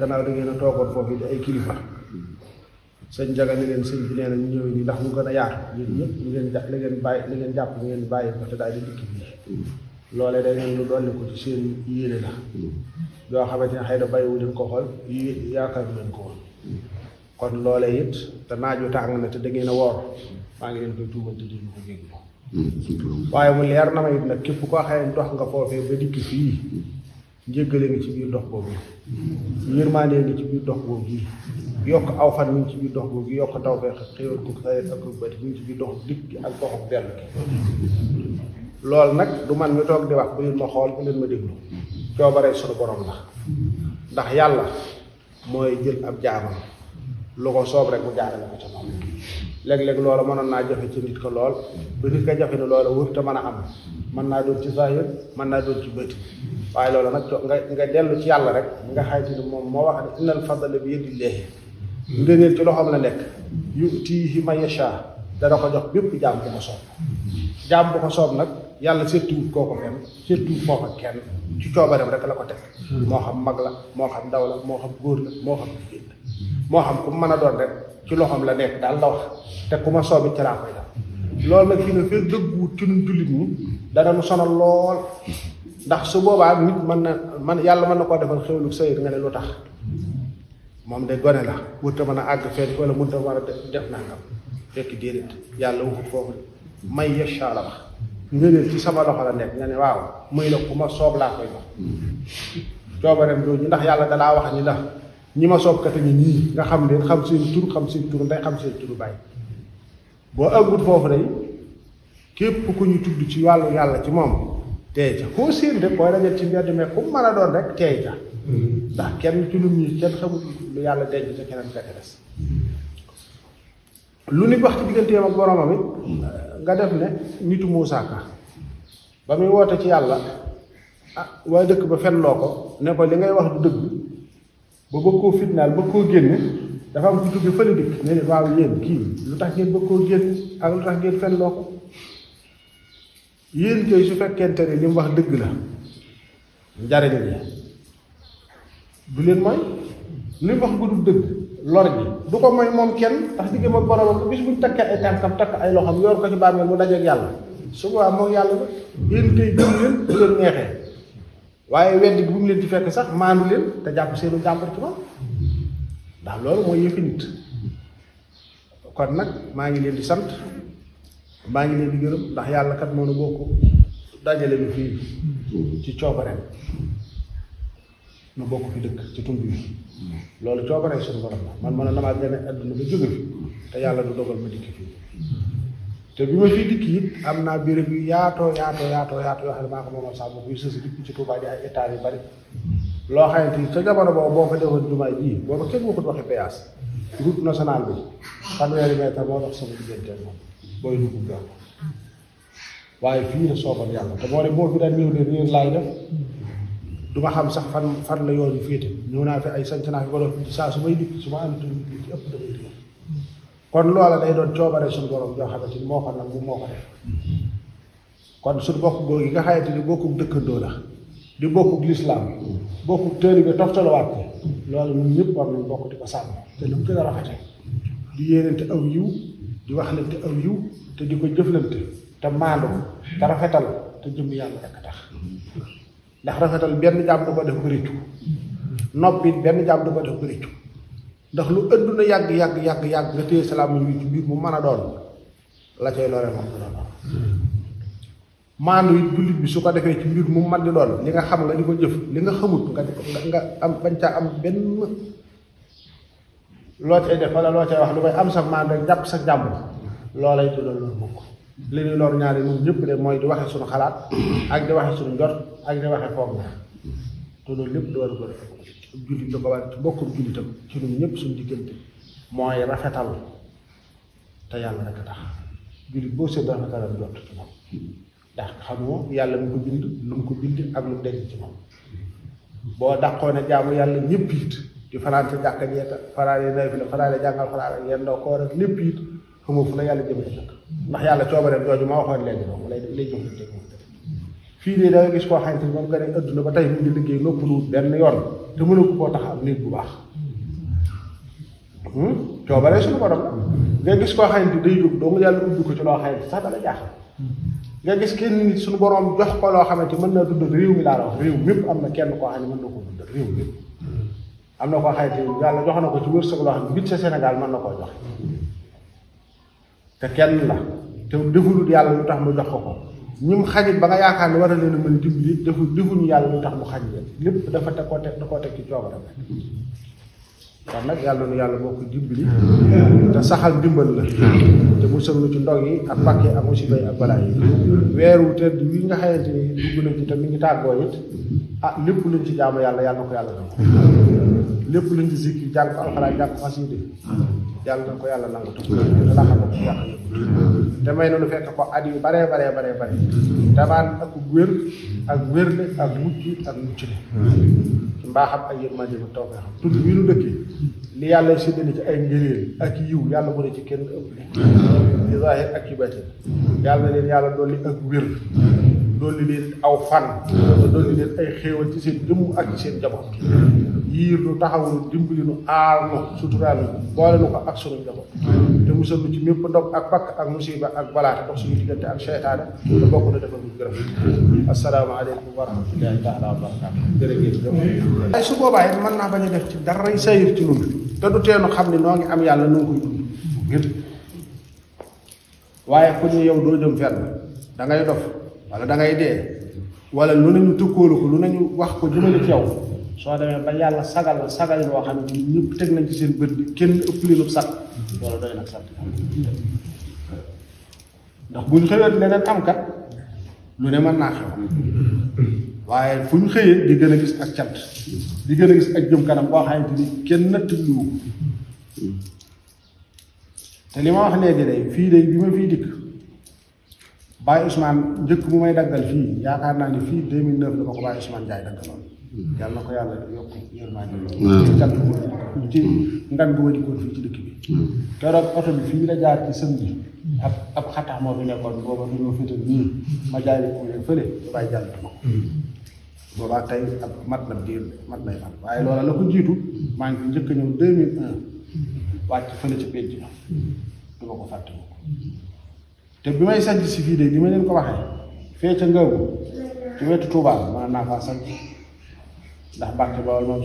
gannaaw da ngeen a toogoon foofu di ay kilifa sëñ jaga ne leen sëñ bi nee ñu ñëw nii ndax mu gën a yaatu ñun ñëpp ñu ngeen jàpp li ngeen bàyyi li ngeen jàpp ngeen bàyyi ko te daal di dikk fii loolee day neen lu dolli ko ci seen yéene la yoo xamante ne xëy na bàyyiwu leen ko xool yi yaakaaru leen ko woon kon loolee it te naaju tàng na te da a woor maa ngi leen koy tuumal te di ko génn mm-hmm. waaye mu leer na ma it nag képp koo xëy dox nga foofee ba dikk fii njëggale ngi ci biir dox boobu yërmaande ngi ci biir dox boobu yi yokk aw fan mi ci biir dox boobu yokk taw feex xéwal ko saret ak bët mi ngi ci biir dox dikk gi ak doxu dellu gi nag du man mi toog di wax bu leen ma xool bu leen ma déglu coobare suñu borom la ndax yàlla mooy jël ab jaamam lu ko soob rek mu jaarale ko ca moom léeg-léeg loola mënoon naa jafe ci nit ko lool ba nit ko jafe ne loola wër te mën a am mën naa doon ci saahir mën naa doon ci bëti waaye loola nag nga nga dellu ci yàlla rek nga xayti ni moom moo wax ne innal fadla bi yadillahi ngëneel ci loxoom la nekk yutiihi man yashaa dana ko jox bépp jaam ko soob jaam bu ko soob nag yàlla seetluwut kooku kenn seetluwut foofa kenn ci coobareem rek la ko teg moo xam mag la moo xam ndaw la moo xam góor la moo xam jigéen moo xam ku mën a doon rek ci loxoom la nekk daal la te ku ma soobee ci laa koy def loolu nag fii ne fee dëgguwut ci ñun jullit ñi dana nu sonal lool ndax su boobaa nit mën na man yàlla mën na koo defal xéwlu sëyit nga ne lu tax moom de gone la wërta mën a àgg fenn wala mënta war a def nangam fekk déedéet yàlla waxut foofu may yasha la wax ngëneel ci sama loxo la nekk nga ne waaw muy la ku ma soob laa koy jox mm. coobareem jooju ndax yàlla dalaa wax ni la ñi ma soppkat a ngi nii nga xam leen xam seen tur xam seen tur nday xam seen tur bàyyi boo àggut foofu day képp ku ñu tudd ci yàlla yàlla ci moom tey ca koo séen rek booy dajal ci mbedd me ku rek tey kenn ci lu ñu yàlla denc ca keneen ka des lu nit wax ci digganteem ak boromam it nga def ne nitu Moussa ba muy woote ci yàlla ah waa dëkk ba fenloo ko ne li ngay wax du dëgg ba bëgg koo fitnaal bëgg koo génne dafa am ci jóge fële dikk ne waaw yéen kii lu tax ngeen bëgg koo génne ak lu tax ngeen fenloo ko yéen kay su fekkente ne li mu wax dëgg la njariñ li du leen mooy bu dul dëgg lor ji du ko mooy moom kenn ndax diggam ak boromam bis buñ ay tànkam takk ay loxam yor mu dajeeg yàlla su boobaa moom yàlla ba yéen kay gëm leen du leen neexee waaye bi bu mu leen di fekk sax maandu leen te jàpp seenu jàmbur ci moom ndax loolu mooy yëfi nit kon nag maa ngi leen di sant maa ngi leen di gërëm ndax yàlla kat moo nu bokk dajale ñu fii ci coobareem nu bokk fi dëkk ci tund bi loolu coobareem suñu borom la man mën a namaa gën a àdduna ba jóge fi te yàlla du dogal ma dikk fii te bi ma fii dikk it am naa béréb yu yaato yaatoo yaatoo yaatoo yoo xam ne maa ko moomoon yu bari loo xamante ni sa jamono boobu boo fa defoon jumaa nationale bi fanweeri mètre moo dox sama diggante moom booy dugg gaaw waaye fii la soobal yàlla te moo ne boo fi daan ñëw de laay def du xam sax fan fan la yoon yu féete ñëw naa fi ay sant naa fi ba doon saa su may dikk su ma ànd tuuti ci ëpp damay dikk kon loola day doon coobare suñu borom joo xamante ni moo ko nag bu moo ko def kon suñu bokk góor gi nga xamante ni bokkub dëkkandoo la di bokkub lislaam bokkub tëri bi toftalwaat ko loolu ñun ñëpp war nañ bokk di ko sàmm te lu mu gën rafete di yéenante aw yiw di waxlante aw yiw te di ko jëflante te maandu te rafetal te jëm yàlla rek tax ndax rafetal benn jàmm du ko def ko noppi benn jàmm du ko def ko ndax lu ënduna yàgg yàgg yàgg yàgg nga téye salaam yu ci biir mu mën a doon la cay lore moom doon maandu it dulit bi su ko defee ci mbir mu man di doon li nga xam nga di ko jëf li nga xamut nga nga am bañ ca am benn loo cay def wala loo cay wax lu koy am sa maandu jàpp sa jàmm loolay tudal la loolu mukk li ñu lor ñaari ñun ñëpp de mooy di waxe suñu xalaat ak di waxe suñu jot ak di waxe foog na te loolu ko def jullit la ko war bokkum jullitam ci ñun ñëpp suñu diggante mooy rafetal te yàlla rek tax jullit boo seet rafetal jot ci moom yàlla mu ko bind lu ak lu mu denc boo dàqoo ne jaamu yàlla ñëpp it di fanaante jàkka jeeta fanaane nafi la fanaane jàngal fanaane yéen doo koo rek yàlla jëm ci ndax yàlla coobareem jooju ma waxoon léegi doom lay lay jëflante fii de da nga gis koo xamante ni moom nga ne adduna ba tey mu ngi liggéey noppaluwut benn yoon te mënu ko koo tax am nit bu baax hmm? coobare suñu borom la nga gis koo xamante day jóg yàlla ubbi kenn nit suñu borom jox loo xamante mën naa dundal réew mépp am na kenn koo xam ne mën na koo dundal réew mépp am na koo xamante yàlla jox na ko ci wërsëg loo xam ne bit sa Sénégal mën na koo jox te kenn la te defulul yàlla lu tax mu jox ko ko ñum xajit ba nga yaakaar ne war a leen a mën dimbali defu ñu yàlla lu tax mu xañ leen lépp dafa teg koo teg da ci teg ci kon nag yàlla nu yàlla moo ko dimbali te saxal dimbal la te mu nu ci ndog yi ak bakki ak musiba ak balaa yi weeru wi nga xayante ni dugg ci te mi ngi tàggoo ah lépp luñ ci jaamu yàlla yàlla ko yàlla nangu lépp luñ ci zikki jàng ko alxuraan jàng ko xasida yàlla na ko yàlla nangu te dana ne yàlla fekk ko at yu baree baree baree bare tamaan ak wér ak wérle ak mucc ak mucc le mbaaxam ak yërmande taw xam tudd bii nu dëkkee li yàlla séddale ci ay ngëneel ak yiw yàlla bu ne ci kenn ëpp li zahir ak ci baatin yàlla leen yàlla dolli ak wér dolli leen aw fan dolli leen ay xéewal ci seen jëmm ak ci seen njaboot yiir nu taxaw nu dimbali nu aar nu suturaal boole nu ko ak sunu njaboot te musal nu ci mépp ndog ak bakk ak musiba ak balaata dox suñu diggante ak seytaane te bokk na defal ñu gërëm asalaamaaleykum wa rahmatullahi taala wa barakatu jërë ngeen jëf ay su boobaa it mën naa def ci dara sayir ci te du teenu ngi am ngi koy dund ngir ku ñu yow fenn da ngay dof wala dangay ngay dee wala lu nañu tëkkoolu ko lu nañu wax ko jëmale ci yow soo demee ba yàlla sagal sagal yoo xam ni ñëpp teg nañ ci seen bët bi kenn ëpp leen ab nag sat ndax bu ñu xëyee leneen am kat lu ne mën naa xew waaye fu ñu xëyee di gën a gis ak cant di gën a gis ak jëm kanam boo xamante kenn natt lu te li ma wax léegi day fii day bi ma fiy dikk Baye Ousmane njëkk mu may daggal fii yaakaar naa ne fii 2009 la ma ko Baye Ousmane Ndiaye daggaloon. yàlla na ko yàlla yokk yërmande lool. ci jant bu fii ci dëkk bi. Hmm. keroog oto bi fii la jaar ci sën bi. nekkoon booba fi ñoo ma jaay ko leen fële ba bàyyi ma ko. Hmm. boobaa tey ab mat na loola la ko jiitu njëkk a ñëw 2001 wàcc fële ci penc bi. Hmm. du ma ko fàtte ko. te bi may sanc si fii de li ma leen ko waxee fee ca ngaw ci wetu Touba mën naa faa sanc ndax Mbàkke Bawol moom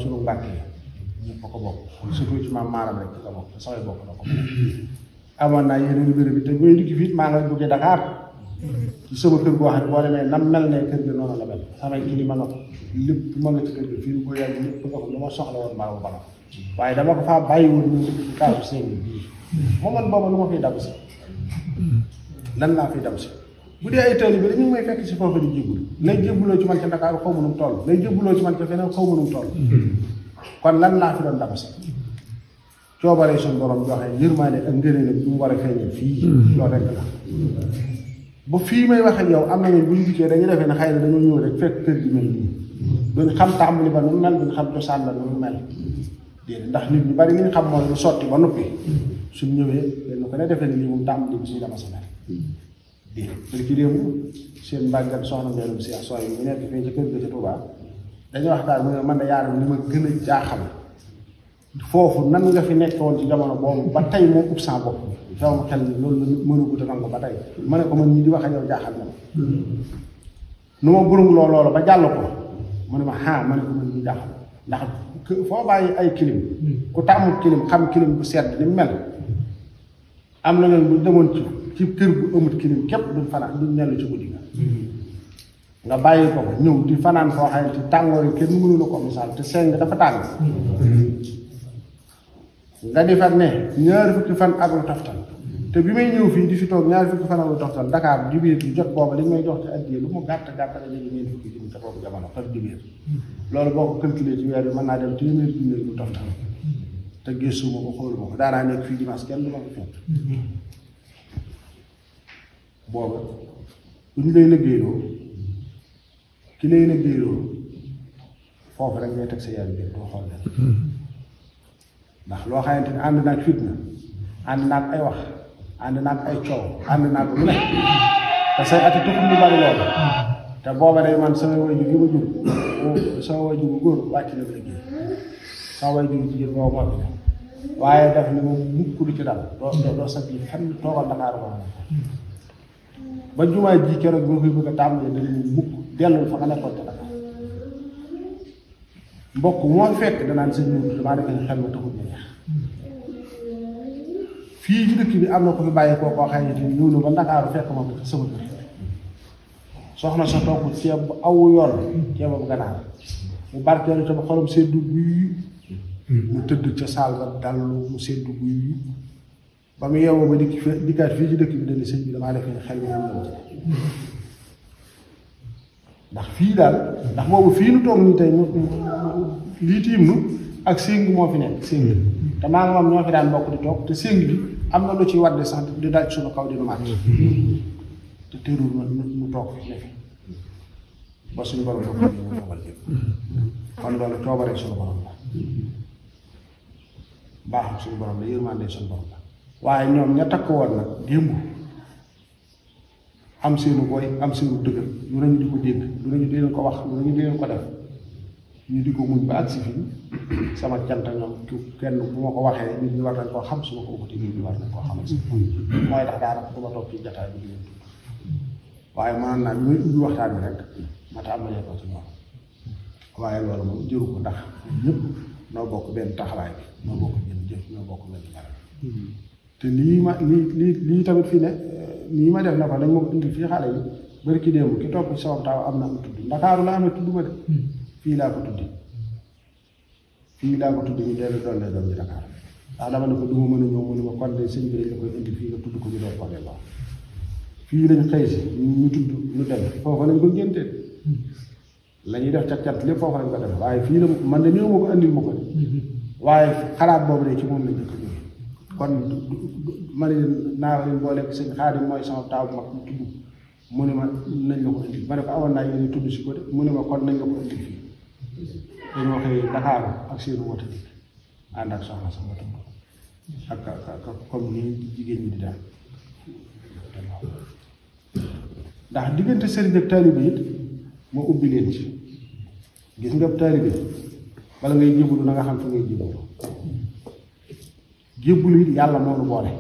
ko bokk surtout naa yeneen bi te nga jógee Dakar ci boo demee nam mel ne noonu la mel ma lépp nga ko waaye dama ko faa bàyyi seen moom man booba lu ma fiy dab si lan laa fi dem si bu dee ay taalibe ñu ngi may fekk si foofu di jébbalu lay jébbaloo ci man ca Dakar xaw ma nu mu toll lay jébbaloo ci man ca feneen xaw ma nu kon lan laa fi doon dem si coobaree suñu borom joxe yërmaane ak ngëneel bi mu war a feeñal fii loolu rek la ba fii may wax ak yow am na bu ñu gisee dañu defee na dañoo ñëw rek fekk kër gi mel nii duñ xam tàmbali ba nu mu mel duñ xam cosaan la nu mu mel déedéet ndax nit ñu bari li ñu xam mooy lu sotti ba noppi suñ ñëwee leen ko ne defee ne lii moom tàmbali bi si dama sa mel bërki démb seen mbàggal soxna Mbéyum Cheikh Soye mu nekk fii ci kër ga ci Touba dañu waxtaan mu ne man de yaaram li ma gën a jaaxal foofu nan nga fi nekkoon ci jamono boobu ba tey moo ëpp sans bopp xew ma xel loolu la mënagut a nangu ba tey ma ne ko man ñi di wax ak yow jaaxal na ma nu ma burung loo loolu ba jàll ko mu ne ma ah ma ne ko man ñi jaaxal ndax foo bàyyi ay kilim ku tàmmul kilim xam kilim bu sedd ni mel am na leen bu demoon ci kër bu amut kilim képp du fanaan duñ nellu ci guddi ga hmm. nga bàyyi ko ko ñëw di fanaan koo xam ne tàngoor yi kenn mënu la ko misaal te seng dafa tàng hmm. nga di fa ne ñaari fukki fan ak lu toftal te bi may ñëw fii di fi toog ñaari fukki fan ak lu toftal Dakar dibéer bi jot booba li may jox ci addiya lu mu gàtt gàtt la jege ñeent fukki junni te boobu jamono par dibéer hmm. loolu boo ko calculé ci weer bi mën naa dem téeméer junni lu toftal te gëstuma ko xooluma ko daanaa nekk fii dimanche kenn du ma ko fekk booba lu lay liggéeyloo ki lay liggéeyloo teg sa yaay bi doo xool leen ndax loo xamante ni ànd naag fitna ànd naag ay wax ànd naag ay coow ànd naag lu ne te say ati tukk lu bari lool te booba day man sama wajur gi ma jur sama wajur bu góor wàcc na liggéey sama way sa biir fenn bi ma koy bi damaa bu awu yoon ceeb bu ganaar mu barkeelu ca ba xolam seddu Hmm. mu tëdd ca saal ba dallu mu seddu bu yi ba mu yeewoo ba di dikkaat fii ci dëkk bi dañu sëñ bi dama def ni xel mi am ndax fii daal ndax boobu fii nu toog nii tey mu lii tiim nu ak séng moo fi nekk séng te maa ngi ñoo fi daan bokk di toog te séng bi am na lu ci wadde sax di daj suñu kaw di nu màtt hmm. te tërul ma mu toog fi ne ba suñu borom ko hmm. kon loolu toobare suñu borom la baax ci borom la yërmande sun borom la waaye ñoom ña takk woon nag démb am seenu boy am seenu deugal ñu lañu diko deg dégg lu nañu di ko wax lu lañu deen ko def ñu diko muñ ba ak sifi sama ñom ku kenn bu mako waxe nit ñi war nañ ko xam suma ko ko te nit ñi war nañ ko xam si mooy tax daara ko ma toog ci jataay bi ñu leen tudd waaye maanaam naa ñooy ubbi waxtaan bi rek ma tàmbalee ko ci mo waaye lolu mo jëru ko tax ñepp no bokk benn taxawaay bi no bokk jëm jëf no bokk benn dara hmm. te lii ma lii lii lii tamit fi ne nii ma def na ko dañ ma ko indi fii xale yi bari ki démb ki topp ci sama taw am na ko tudd ndakaaru la amee tudd ma de hmm. fii laa ko tudd fii laa ko tudd ñu dellu doon la doon ji Dakar ndax ah, dama ne ko du ma mën a ñëw mu ne ma kon de sëñ bi dañ la koy indi fii nga tudd ko ñu doon ko delloo fii lañ xëy si ñu tudd ñu dem foofa lañ ko ngéntee hmm. lañuy def cat-cat lépp foofu lañ ko def waaye fii la man de ñëw ma ko andil ma ko waaye xalaat boobu de ci moom lañ ko jógee kon ma ne leen naa leen booleeg sëñ Xaadim mooy sama taaw mag nañ la ko andil ma ne ko awoon naa yéen tudd si ko de mu kon nañ la ko andil fii dañoo xëy Dakar ak seen woote bi ànd ak soxna sama tudd ak comme ni jigéen ñi di daal ndax diggante sëriñ ak taalibe it ma ubbi leen ci. gis nga taalibe bala ngay jébbalu na nga xam fi ngay jébbalu jébbalu it yàlla moo nu boole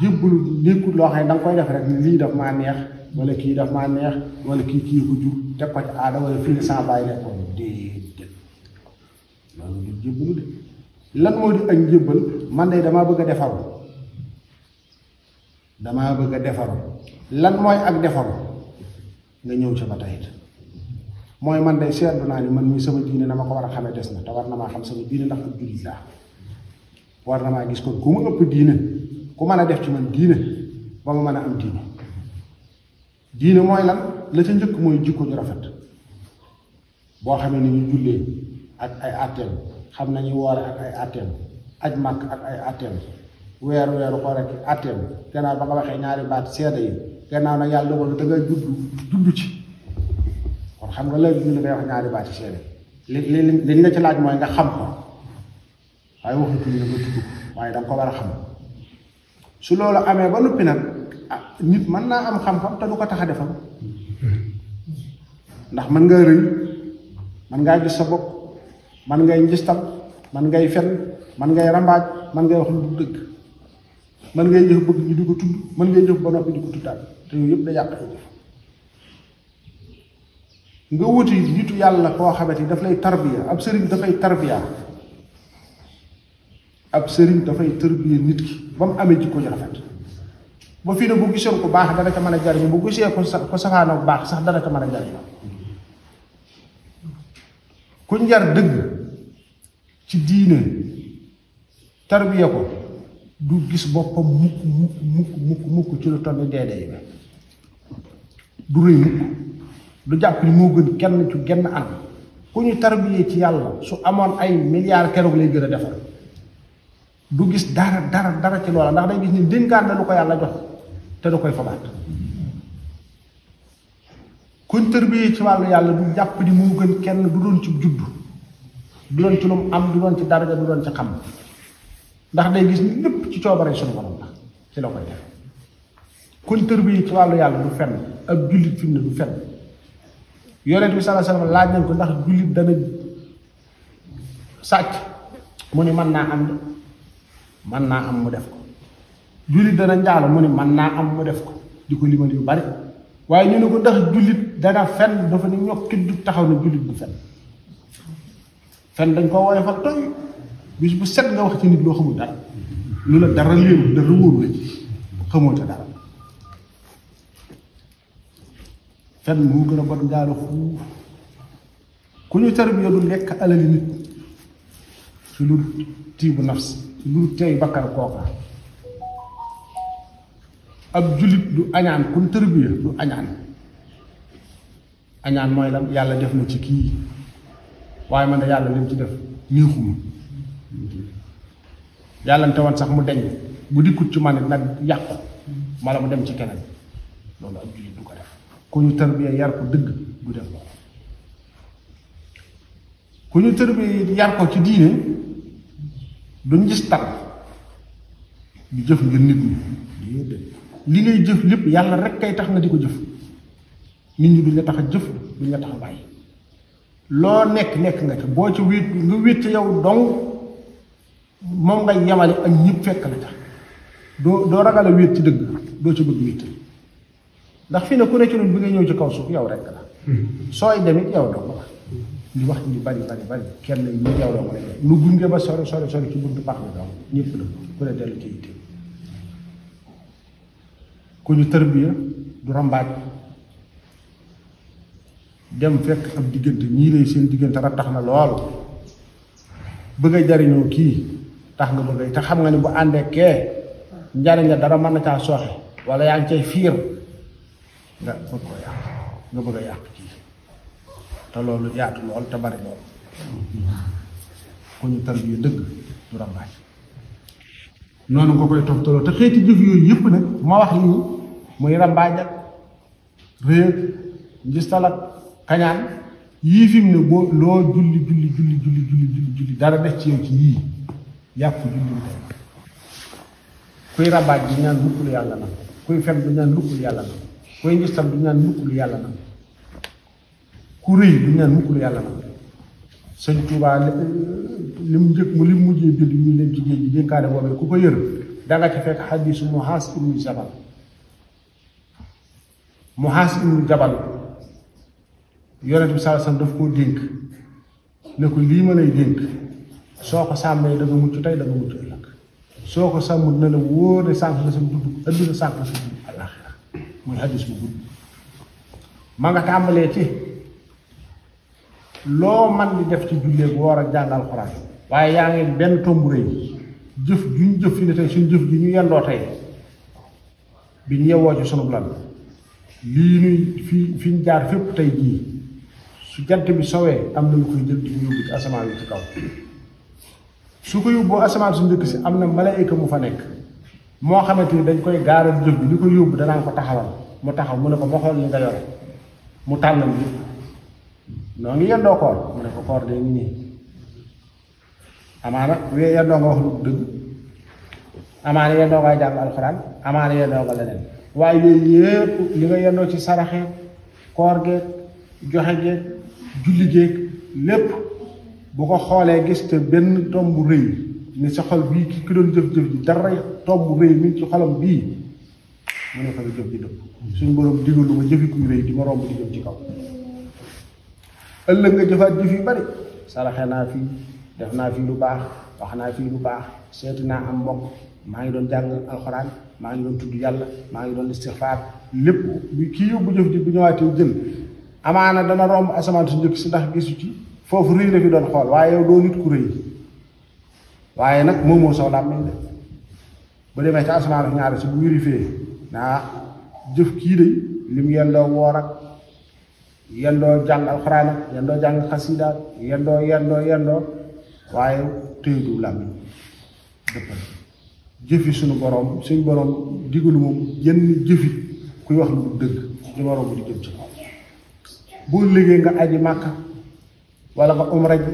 jébbalu nekkul loo xam ne da nga koy def rek lii daf maa neex wala kii kii kii teg ko ci aada wala fii la sama bàyyi nekkoon déedéet loolu du de lan moo ak njébbal man de dama bëgg a defaru damaa bëgg a defaru lan mooy ak defaru nga ñëw ci ba moy man day seetlu na ni man mi sama diine nama ko wara xamé dess na tawar war na maa xam sama diine ndax ab jullit war na maa gis ko kuma mu ëpp diine ku mën def ci man diine ba ma mëna am diine diine moy lan la ca ñëk moy jikko ju rafet bo xamé ni ñu jullee ak ay atel xam nañu wor ak ay atel aj mak ak ay atel wër wër ko rek atel gannaaw ba nga waxé ñaari baat sédé yi gannaaw na yalla wala da nga judd judd ci xam nga léegi ñu ne wax ñaari baati seede li li liñ la ci laaj moy nga xam ko waaye waxatuñ la nga tudd waye da nga ko wara xam su loolu amee ba nuppi nag ah, nit mën naa am xam-xam te du ko tax a defal ndax mën nga rëy mën ngaa gis sa bopp mën ngay njistal mën ngay fen mën ngay rambaaj mën ngay wax lu du dëgg mën ngay jëf bëgg ñu di ko tudd mën ngay jëf ba noppi di ko tuddaat te yooyu yëpp da yàq ay jëf nga wuti nitu yàlla koo xamante ni daf lay tarbiya ab sëriñ dafay tarbiya ab sëriñ dafay tarbiya nit ki ba mu amee jikko ju rafet ba fii ne bu gisoon ko baax dana ca mën a jariñu bu gisee ko sa ko safaanoo baax sax dana ca mën a jariñu ku njar dëgg ci diine tarbiya ko du gis boppam mukk mukk mukk mukk mukk ci lu toll dee dee bi du rëy mukk lu jàpp ni moo gën kenn ci genn anam ku ñu tarbiyee ci yàlla su amoon ay milliards keroog lay gën a defar du gis dara dara dara ci loola ndax day gis ni dénkaan na lu ko yàlla jox te du koy fabaat kuñ tarbiyee ci wàllu yàlla du jàpp ni moo gën kenn du doon ci juddu du doon ci lu am du ci daraja du doon ci xam ndax day gis ni ci coobare suñu borom la ci la koy def kuñ tarbiyee ci wàllu yàlla du fenn ak jullit fi mu du fenn yonent bi sallallahu alayhi wasallam laaj nañ ko ndax jullit dana sàcc mu ni mën naa am mën naa am mu def ko jullit dana njaalo mu ni mën naa am mu def ko di ko yu bari waaye ñu ne ko ndax jullit dana fen dafa ni ñokki du taxaw na jullit bu fen fen dañ koo woye fa toy bu set nga wax ci nit loo xamul dara lu la dara léeru dara wóoru la xamoo te dara fen mu gëna bon gaara xuuf ku ñu tarbiya du lekk alali nit su lu tiibu nafs ci lu tey bakkar kooka ab julit du añaan ku ñu tarbiya du añaan añaan mooy lan yàlla def na ci kii waaye man da yàlla lim ci def neexuma yàlla nte woon sax mu deñ bu dikkut ci man nag yàqu mala mu dem ci keneen loolu ab julit du ko def ku ñu tarbiya yar ko dëgg bu dem ku ñu tarbiya yar ko ci diine duñ gis tar ñu jëf ngir nit ñi li ngay jëf lépp yàlla rek kay tax nga di ko jëf nit ñi duñ la tax a jëf duñ la tax a bàyyi loo nekk nekk nga ca boo ci wéet nga wéet ca yow dong moom ngay yemale ak ñëpp fekk la ca doo doo ragale wéet ci dëgg doo ci bëgg wéetal ndax fi ne ku ne ci ñun bi nga ñëw ci kaw suuf yow rek la sooy demit yow dong la li wax ñu bari bari bari kenn ñu yow dong la lu gunge ba sori sori sori ci buntu pax bi dong ñëpp la ku ne dellu ci yitte ku ñu tërbiya du rambaaj dem fekk ab diggante ñii lay seen diggante rattax na lool bëgg a jariñoo kii tax nga bëgg te xam nga ne bu àndee kee njariñ la dara mën na caa sooxe wala yaa ngi cay fiir nga bëgg ko yàq nga bëgg a yàq kii te loolu yaatu lool te bari lool ku ñu tarbiyu dëgg du rambaaj noonu nga koy toftaloo te xeeti jëf yooyu yëpp nag ma wax lii muy rambaaj ak réer ngistal ak kañaan yii fi ne boo loo julli julli julli julli julli julli dara def ci ci yii yàpp julli mu kuy rambaaj bi ñaan lukkul yàlla na kuy fen bi ñaan lukkul yàlla na koy ngistal du ñaan mukk lu yàlla na ku rëy du ñaan mukk lu yàlla na sëñ Tuubaa li mu njëkk mu li mu mujjee bind ñu leen jigéen ji dénkaane boobee ku ko yër danga ci fekk xadiisu Muhaas ibnu Jabal Muhaas ibnu Jabal yonent bi sallallahu daf koo dénk ne ko lii ma lay dénk soo ko sàmmee da mucc tey da nga mucc ëllëg soo ko sàmmut na la wóor ne sànq la sa dund ëllëg sànq la sa dund mooy hadis bu gudd ma nga tàmbalee ci loo man di def ci julleeg woor ak jàng alxuraan waaye yaa ngi benn tomb rëy jëf ju ñu jëf fi ne tey suñu jëf gi ñu yendoo tey bi ñu yewoo ci sunu lan lii nuy fi fi ñu jaar fépp tey jii su jant bi sowee am na lu koy jël di ko yóbbu ci asamaan yi ci kaw su ko yóbboo asamaan su njëkk si am na malaayka mu fa nekk moo xamante ni dañ koy gaaral jóg bi li ko yóbbu danaa ko taxawal mu taxaw mu ne ko ma xool li nga yore mu tànnal bi noo ngi yendoo koor mu ne ko koor de ngi nii amaana wee yendoo nga wax lu dëgg amaana yendoo nga leneen waaye yooyu yëpp li nga yendoo ci saraxe koor geeg joxe geeg julli geeg lépp bu ko xoolee gis te benn tomb bu ne sa xol bii ki doon jëf-jëf ji dara tomb rëy mi ci xolam bii mu ne fa la jëf ji dëpp suñu borom digalu ma jëfi kuy rëy di ma romb di ci kaw ëllëg nga jëfaat jëf yu bari saraxe naa fii def naa fii lu baax wax naa fii lu baax seeti naa am mbokk maa ngi doon jàng alxuraan maa ngi doon tudd yàlla maa ngi doon istixfaar lépp bi kii yóbbu jëf ji bu ñëwaatee jël amaana dana romb asamaan su njëkk si ndax gisu ci foofu rëy la fi doon xool waaye yow doo nit ku rëy waaye nag moomoo saw làmmiñ de bu demee ci asamaan ak ñaari si bu wérifee naa jëf kii de lim yendoo woor ak yendoo jàng alxuraan ak yendoo jàng xasida yendo yendoo yendoo yendoo waaye tëye du lam dëppal jëfi suñu borom suñu borom digalu moom yenn jëfi kuy wax lu dëgg ci borom bu di jëm ci kaw boo liggéey nga aji màkka wala nga umra ji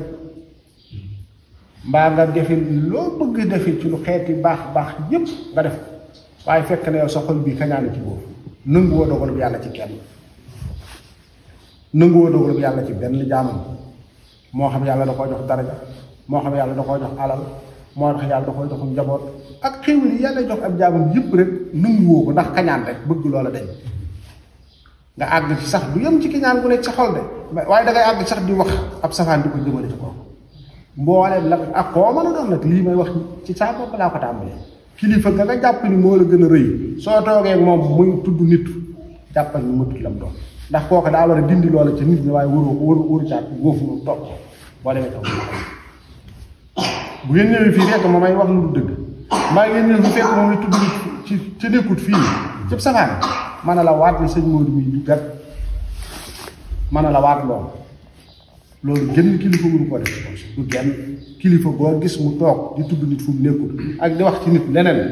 mbaa nga defi loo bëgg defi ci lu xeeti baax baax yépp nga def waaye fekk na yow sa xol bii kañaana ci boobu nanguwoo dogalub yàlla ci kenn nanguwoo dogalub yàlla ci benn jaamam moo xam yàlla da koo jox daraja moo xam yàlla da koo jox alal moo tax yàlla da koo joxum njaboot ak xéwal yi yàlla jox ab jaamam yépp rek nanguwoo ko ndax kañaan rek bëgg loola dañ nga àgg ci sax du yem ci kañaan bu nekk sa xol de waaye dangay àgg sax di wax ab safaan di ko jëmale ko mbooleem la ak koo mën a doon lii may wax ci saa bopp laa ko tàmbalee kilifa nga nga jàpp ni moo la gën a rëy soo toogee moom muy tudd nit jàppal ni matut lam doon ndax kooku daa war a dindi loola ca nit ñi waaye wóor wóor wóor caat góofu mu topp boo demee toog ci ci nekkut fii cëb safaan mën a la waat ne sëñ la waat loolu gën kilifa mënu ko def du genn kilifa boo gis mu toog di tudd nit fu mu nekkul ak di wax ci nit leneen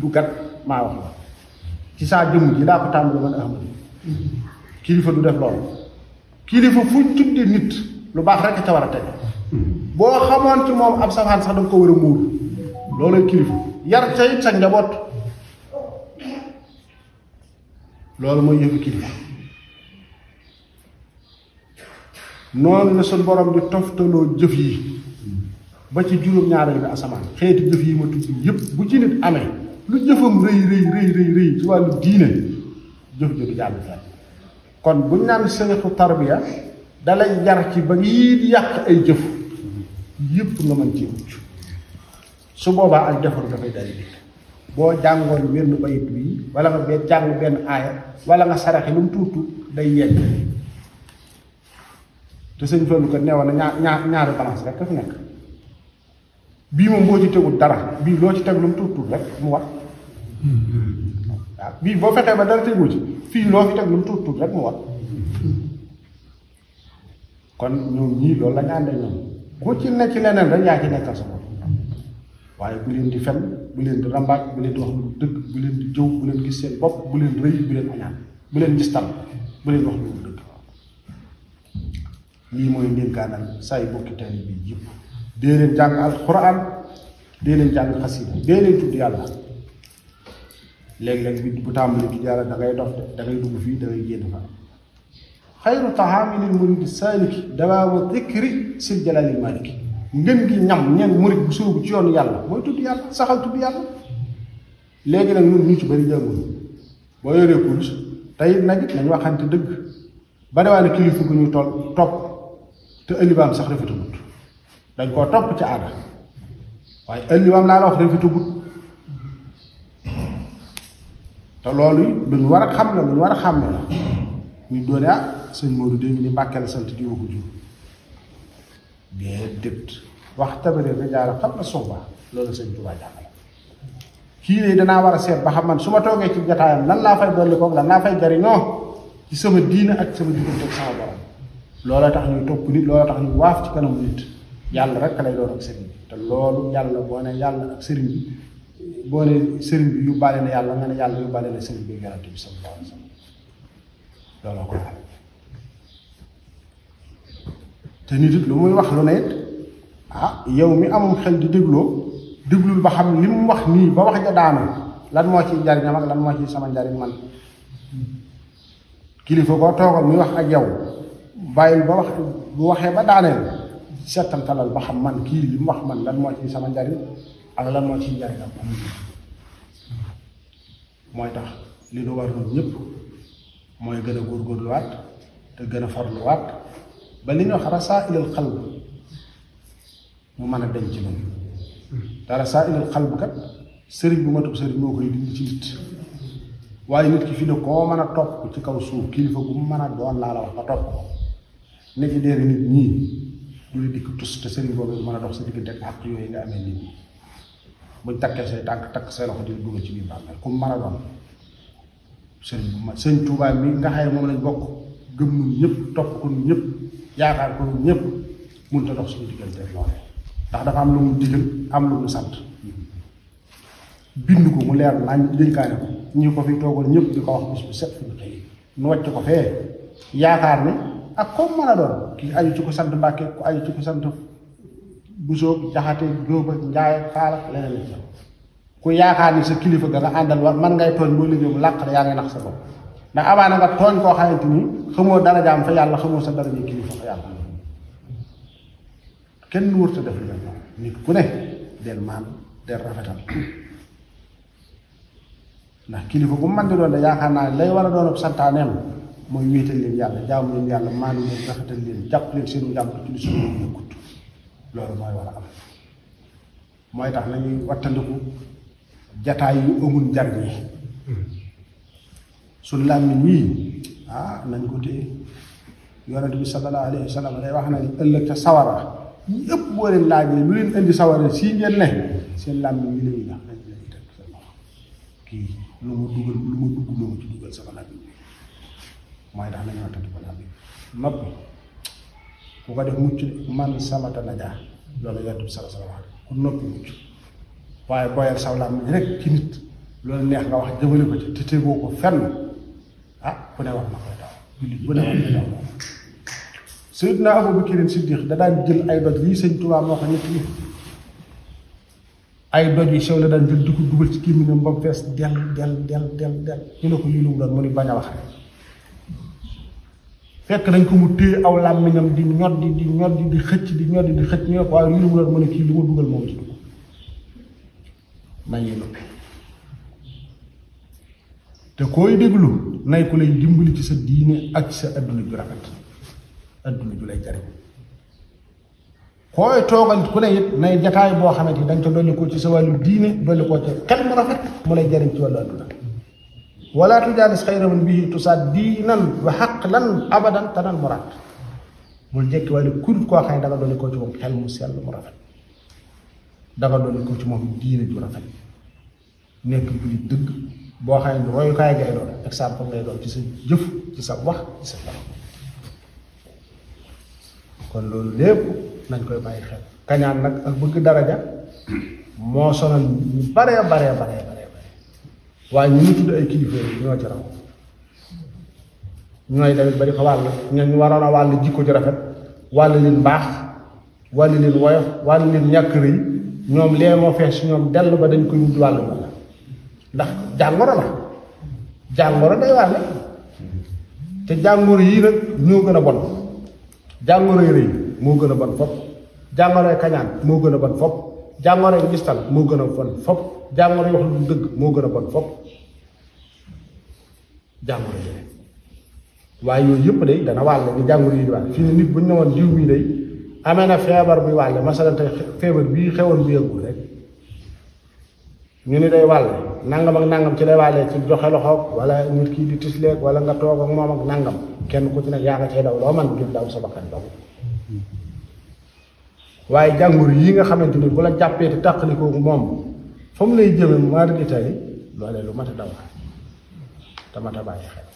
du gat maa wax la ci saa jëmm ji daa ko tàmbali man ahmad kilifa du def loolu kilifa fu tuddi nit lu baax rek ca war a teg boo xamoon ci moom ab safaan sax da ko war a muur loolay kilifa yar ca it sa njaboot loolu mooy yëfu kilifa noonu na suñ borom di toftaloo jëf yi ba ci juróom-ñaareel bi asamaan xeeti jëf yi ma tudd yëpp bu ci nit amee lu jëfam rëy rëy rëy rëy rëy ci wàllu diine jëf jëf jàll fa kon bu ñu naan tarbiya dalay yar ci ba yii yàq ay jëf yëpp nga mën ci mucc su boobaa ak defaru dafay dari dikk boo jàngoon wenn bayit bii wala nga bee benn aaya wala nga saraxe lu mu tuutu day yegg te sëñ Fallu ko neewoon na ñaar ñaar ñaari balance rek ka fi nekk bii moom boo ci tegul dara bii loo ci teg lu mu tuut tuut rek mu war waaw bii boo fexee ba dara tegoo ci fii loo fi teg lu mu tuut tuut rek mu war kon ñoom ñii loolu la ñaan àndee ñoom ku ci ne ci leneen rek yaa ci nekkal sa bopp waaye bu leen di fen bu leen di rambaaj bu leen di wax lu dëgg bu leen di jëw bu leen gis seen bopp bu leen rëy bu leen añaan bu leen gis tal bu leen wax lu dëgg lii mooy ndénkaanam say bokki tali bi yëpp dee leen jàng alquran dee leen jàng xasida dee leen tudd yàlla léeg-léeg bi bu tàmbali tudd yàlla da ngay dox da ngay dugg fii da ngay génn fa xayru tahaami lil muridi saaliki dawaamu dikri sil jalali maliki ngën gi ñam ñen murid bu sóobu ci yoonu yàlla mooy tudd yàlla saxal tudd yàlla léegi nag ñun ñu ci bëri jàngul boo yoree kurus tey nag nañ waxante dëgg ba dewaa kilifu gu ñu toll topp te ëllibaam sax dafa tugut dañ koo topp ci aada waaye ëllibaam laa la wax dafa tugut te loolu lu ñu war a xam la lu ñu war a xam la muy doone ah sëñ Modou dégg ni Mbàkke sant di waxu jur dee dëgg wax tabare rijaala xam na suuba loolu sëñ Touba jàngale kii ne danaa war a seet ba xam man su ma toogee ci jataayam lan laa fay dolli koog lan laa fay jariñoo ci sama diina ak sama diggante sama borom loola tax ñuy topp nit loola tax ñuy waaf ci kanamu nit yàlla rek lay doon ak sëriñ bi te loolu yàlla boo ne yàlla ak sëriñ bi boo ne sëriñ bi yóbbaale na yàlla nga ne na sëriñ bi yonent bi te nit it lu muy wax lu ne it ah yow mi amum xel di dégloo déglul ba xam li mu wax nii ba wax ja daanu lan moo ciy njariñam ak lan moo ci sama njariñ man kilifa koo toogal muy wax ak yow. bàyyil ba wax bu waxee ba daaneel seetantalal ba xam man kii li mu wax man lan moo ci sama njariñ ak lan moo ci njariñam mooy tax li nu war ñun ñëpp mooy gën a góorgóorluwaat te gën a farluwaat ba li ñuy wax rasaa'ilul qalb mu mën a denc ci noonu te rasaa'ilul qalb kat sëriñ bu matub sëriñ moo koy dindi ci nit waaye nit ki fi ne koo mën a topp ci kaw suuf kilifa bu mu mën a doon laa la wax nga topp léegi-léegi nit ñi du la dikk tus te sëriñ boobu mën a dox sa diggante ak xaq yooyu nga amee nit ñi buñ takkee say tànk takk say loxo di dugal ci biir bàmmeel ku mën a ma sëriñ Tuubaa mi nga xay moom lañ bokk gëm nun ñëpp topp ko nun ñëpp yaakaar ko nun ñëpp mun ta dox suñu diggante ak ndax dafa am lu mu digal am lu mu sant bind ko mu leer naañ dénkaane ko ñi ko fi toogoon ñëpp di ko wax bis bu set fi mu xëy nu wàcc ko fee yaakaar ne ak comme mën a doon ki aju ci ko sant Mbàkke ku aju ci ko sant Busoob Jaxate Jóob Njaay xaal kilifa ga nga àndal war man ngay sa bopp ndax amaana nga tooñ koo xamante ku ne del maan del rafetal ndax lay war a doon ab santaaneem mooy wéetal leen yàlla jaamu leen yàlla maanu leen rafetal leen jàpp seen njàng ci mooy am mooy tax nañuy wattandiku jataay yu amul njariñ yi su làmmiñ wii ah nañ ko téye yonent bi sallallahu alayhi wa sallam day wax na ni ëllëg ca sawara ñëpp boo leen laajee lu leen indi sawara sii ngeen ne seen làmmiñ wi la lu ma dugg loo ci dugal sama làmmiñ mooy tax nañoo tudd ko noppi noppi ku ko def mucc man samata najaa loolu yonent bi sala wax ku noppi mucc waaye booyal sawlaam rek ci nit loolu neex nga wax jëmale ko ci te ko fenn ah ku ne wax na koy daw bu ne wax na daw moom Seydina Abu Bakrin da daan jël ay doj yi sëñ Tuubaa moo ko ñett yi ay doj yu sew la daan jël di dugal ci kii mi ne mbam fees del del del del ñu ne ko yuluwuloon mu ni bañ a wax rek fekk nañ ko mu téye aw làmmiñam di ñoddi di ñoddi di xëcc di ñoddi di xëcc ñu ko waaye lii lu mu doon mën a kii lu ma dugal moom ci dugg nañ noppi te koy déglu nay ku lay dimbali ci sa diine ak sa adduna ju rafet adduna ju lay jariñ kooy toogal ku ne it nay jataay boo xamante ni dañ ca dolli ko ci sa wàllu diine dolli ko ci xel mu rafet mu lay jariñ ci wàllu adduna wala tujalis khayran bihi tusaddinan wa haqlan abadan tanal murad mo jek wala kun ko xay da nga doni ko ci mom xel mu sel mu rafet da nga doni ko ci mom diina ju rafet nek bu di deug bo xay roy kay gay do ak sa pam lay do ci sa jëf ci sa wax ci sa tax kon lolu lepp nañ koy bayyi xel kañaan nak ak bëgg dara ja mo sonal bare bare bare waa ñu ñu tudd ay kilifa ñoo ci raw ñooy tamit bari ko wàll ñoo ñu waroon a wàll jikko ju rafet wàll leen baax wàll leen woyof wàll leen ñàkk rëy ñoom lee moo fees ñoom dell ba dañ koy wut wàll walla ndax jàngoro la jàngoro day wàll te jàngoro yii nag ñoo gën a bon jàngoro yi rëy moo gën a bon fopp jàngoro yi kañaan moo gën a bon fopp jàngoro yi gistal moo gën a bon fopp wax lu dëgg moo gën a bon fopp jàngoro yi waaye yooyu yëpp day dana wàll ni jàngoro yi wàll fii ne nit bu ñu ne woon jiw mii day amee na feebar buy wàlle masalan tey feebar bii xewoon bu yëgul rek ñu ni day wàlle nangam ak nangam ci day wàllee ci joxe loxoog wala nit kii di tisleeg wala nga toog ak moom ak nangam kenn ku ci nekk yaa nga cay daw loo man ngir daw sa daw waaye jàngoro yii nga xamante ni bu la jàppee te tàqalikoo moom fa mu lay jëme maa di tey lu mat a tamata bàyyi xel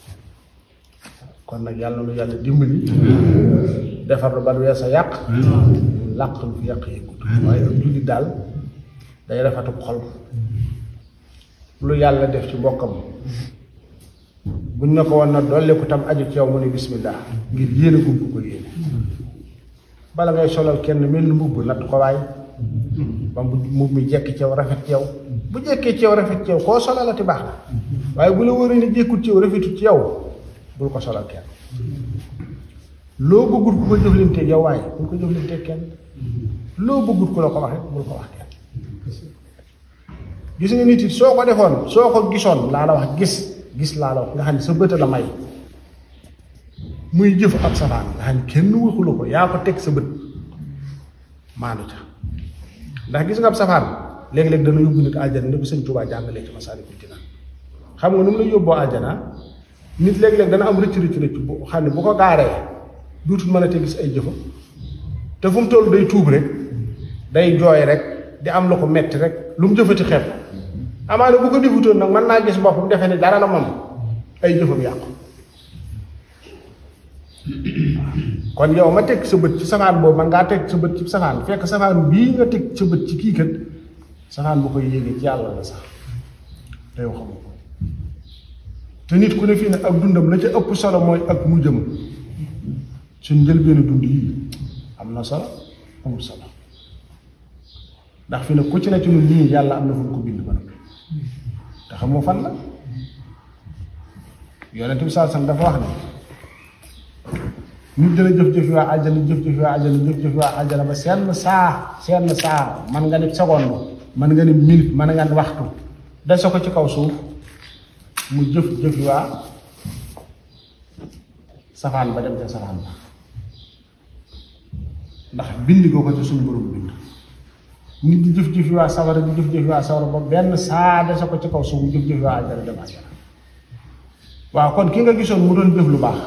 kon nag yàlla lu yàlla dimbali defar lu ba du wees a yàq làqul fi yàq yëgut waaye am jullit daal day rafetu xol lu yàlla def ci mbokkam buñ ne ko woon na dolliku tam aju ci yow mu ne bismillah ngir yéene gum ko yéene bala ngay solal kenn mel ni mbubb natt ko waay moom bu mu mu jekk ci yow rafet ci yow bu jekkee ci yow rafet ci yow koo solalati baax na waaye bu la wóoree ne jekkut ci yow rafetut ci yow bul ko solal kenn loo bëggut ko yow waaye bul ko jëflanteeg kenn loo bëggut ku la ko wax rek bul ko wax kenn gis nga nit it soo ko defoon soo ko gisoon laa la wax gis gis laa la wax nga xam sa bët la may muy jëf ak safaan nga xam kenn waxulu ko yaa ko teg sa bët maandu ca ndax gis nga ab safaan léeg-léeg dana yóbbu nit aljana ne bu sëñ Tuubaa jàngalee ci Masaalikul xam nga nu mu la yóbboo aljana nit léeg-léeg dana am rëcc rëcc rëcc bu xam ne bu ko gaaree duutul mën a te gis ay jëfa te fu mu toll day tuub rek day jooy rek di am lu ko metti rek lu mu jëfati xeet amaana bu ko defutoon nag mën naa gis mu defe ne dara na moom ay jëfam yàqu kon yow ma tek sa bët ci safaan boobu man ngaa tek sa bët ci safaan fekk safaan bii nga tek sa bët ci kii kat safaan bu koy yéege ci yàlla la sax te yow ko te nit ku ne fii nag ak dundam la ca ëpp solo mooy ak mu jëm suñ njëlbeenu dund yi am na solo amul solo ndax fi nag ku ci ne ci ñun ñii yàlla am na fu ko bind ba nag xam xamoo fan la yonente bi saa dafa wax ne ñu dina jëf-jëf yoo àjjana jëf-jëf yoo àjjana jëf ba seen saa seen saa mën nga ni seconde mën nga ni minute mën nga ni waxtu dese ko ci kaw suuf mu jëf-jëf yoo ba dem ca safaan ba ndax bind goo di jëf-jëf yoo sawara di jëf-jëf yoo sawara ba benn saa dese ko ci kaw suuf mu jëf-jëf yoo àjjana dem àjjana waaw kon ki nga gisoon mu doon jëf lu baax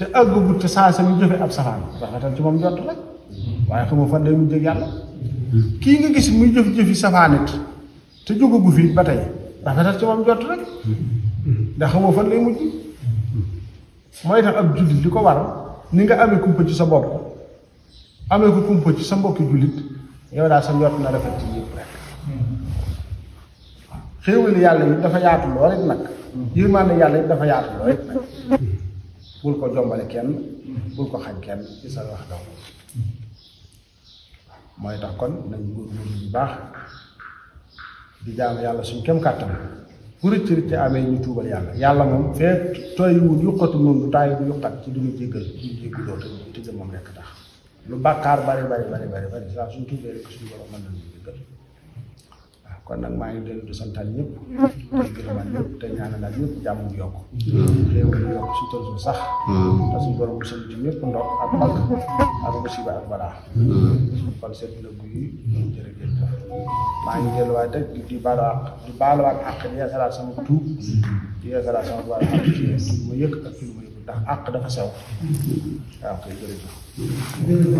te àggagut te saa sa mu jëfe ab safaan rafetal ci moom jot rek waaye xamoo fan day mujj ak yàlla kii nga gis mu jëf jëfi safaan te jógagu fi ba tey rafetal ci moom jot rek ndax xamoo fan lay mujj mooy tax ab jullit li ko war ni nga amee kumpa ci sa bopp amee ko kumpa ci sa mbokki jullit yow daal sa njort na rafet ci yëpp rek xéewal yàlla yi dafa yaatu lool it nag yërmaande yàlla yi dafa yaatu lool it nag bul ko jombale kenn bul ko xañ kenn ci sa wax doom mooy tax kon nañ góorgóorlu bu baax di jaamu yàlla suñ kem kàttan bu rëcc rëcc amee ñu tuubal yàlla yàlla moom fee tooy wu yuqatu noonu taay bu yuqat ci duñu jéggal duñu jégguloo te te moom rekk tax lu bàkkaar bari bari bari bari bari saa suñ tuubee rek suñu borom mën nañu jéggal kon nag maa ngi dellu di santaat ñëpp mm-hmm. di gërëmaat ñëpp te ñaanalaat ñëpp jàmm yokk mm-hmm. réew mi yokk su tëdd sax mm-hmm. te suñu borom bu sëñ ci ndox ak mag ak musiba maa ngi delluwaat rek di di baalu àq di baalu sama tuub di yeesalaat sama baalu àq ci ak ci lu ndax àq dafa sew waaw kay jërëjëf